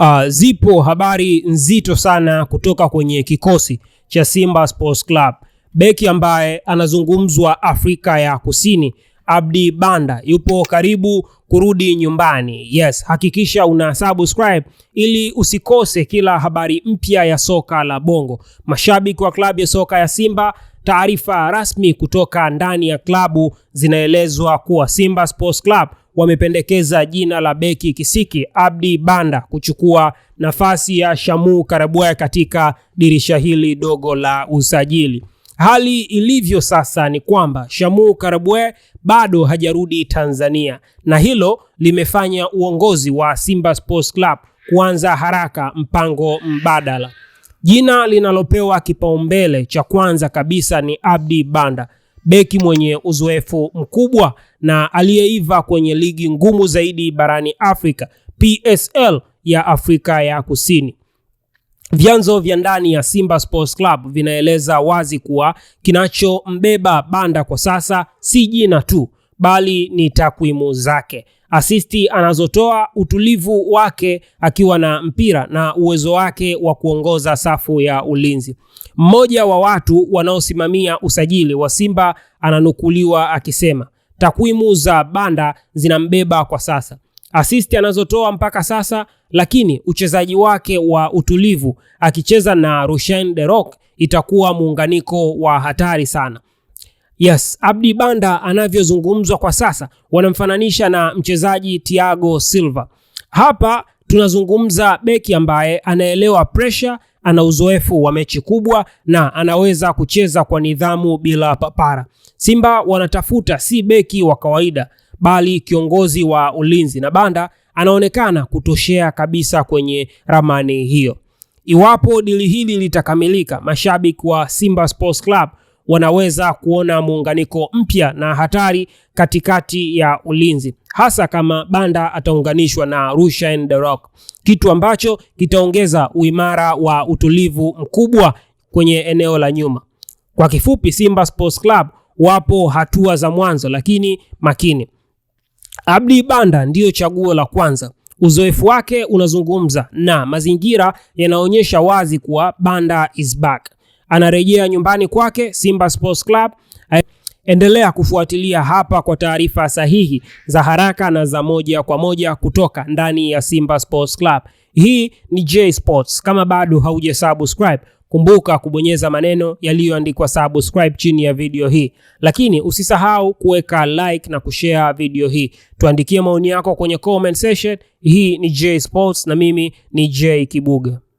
Uh, zipo habari nzito sana kutoka kwenye kikosi cha Simba Sports Club. Beki ambaye anazungumzwa Afrika ya Kusini, Abdi Banda yupo karibu kurudi nyumbani. Yes, hakikisha una subscribe ili usikose kila habari mpya ya soka la Bongo. Mashabiki wa klabu ya soka ya Simba, taarifa rasmi kutoka ndani ya klabu zinaelezwa kuwa Simba Sports Club wamependekeza jina la beki kisiki Abdi Banda kuchukua nafasi ya Shamu Karabuya katika dirisha hili dogo la usajili. Hali ilivyo sasa ni kwamba Shamu Karabwe bado hajarudi Tanzania, na hilo limefanya uongozi wa Simba Sports Club kuanza haraka mpango mbadala. Jina linalopewa kipaumbele cha kwanza kabisa ni Abdi Banda beki mwenye uzoefu mkubwa na aliyeiva kwenye ligi ngumu zaidi barani Afrika, PSL ya Afrika ya Kusini. Vyanzo vya ndani ya Simba Sports Club vinaeleza wazi kuwa kinachombeba Banda kwa sasa si jina tu, bali ni takwimu zake asisti anazotoa, utulivu wake akiwa na mpira na uwezo wake wa kuongoza safu ya ulinzi. Mmoja wa watu wanaosimamia usajili wa Simba ananukuliwa akisema takwimu za Banda zinambeba kwa sasa, asisti anazotoa mpaka sasa, lakini uchezaji wake wa utulivu akicheza na Rushain De Reuck itakuwa muunganiko wa hatari sana. Yes, Abdi Banda anavyozungumzwa kwa sasa wanamfananisha na mchezaji Thiago Silva. Hapa tunazungumza beki ambaye anaelewa pressure, ana uzoefu wa mechi kubwa na anaweza kucheza kwa nidhamu bila papara. Simba wanatafuta si beki wa kawaida bali kiongozi wa ulinzi na Banda anaonekana kutoshea kabisa kwenye ramani hiyo. Iwapo dili hili litakamilika, mashabiki wa Simba Sports Club wanaweza kuona muunganiko mpya na hatari katikati ya ulinzi, hasa kama Banda ataunganishwa na Rushine The Rock, kitu ambacho kitaongeza uimara wa utulivu mkubwa kwenye eneo la nyuma. Kwa kifupi, Simba Sports Club wapo hatua za mwanzo lakini makini. Abdi Banda ndiyo chaguo la kwanza. Uzoefu wake unazungumza na mazingira yanaonyesha wazi kuwa Banda is back anarejea nyumbani kwake Simba Sports Club. Endelea kufuatilia hapa kwa taarifa sahihi za haraka na za moja kwa moja kutoka ndani ya Simba Sports Club. Hii ni J Sports. Kama bado hauja subscribe, kumbuka kubonyeza maneno yaliyoandikwa subscribe chini ya video hii, lakini usisahau kuweka like na kushare video hii. Tuandikie maoni yako kwenye comment section. Hii ni J Sports na mimi ni J Kibuga.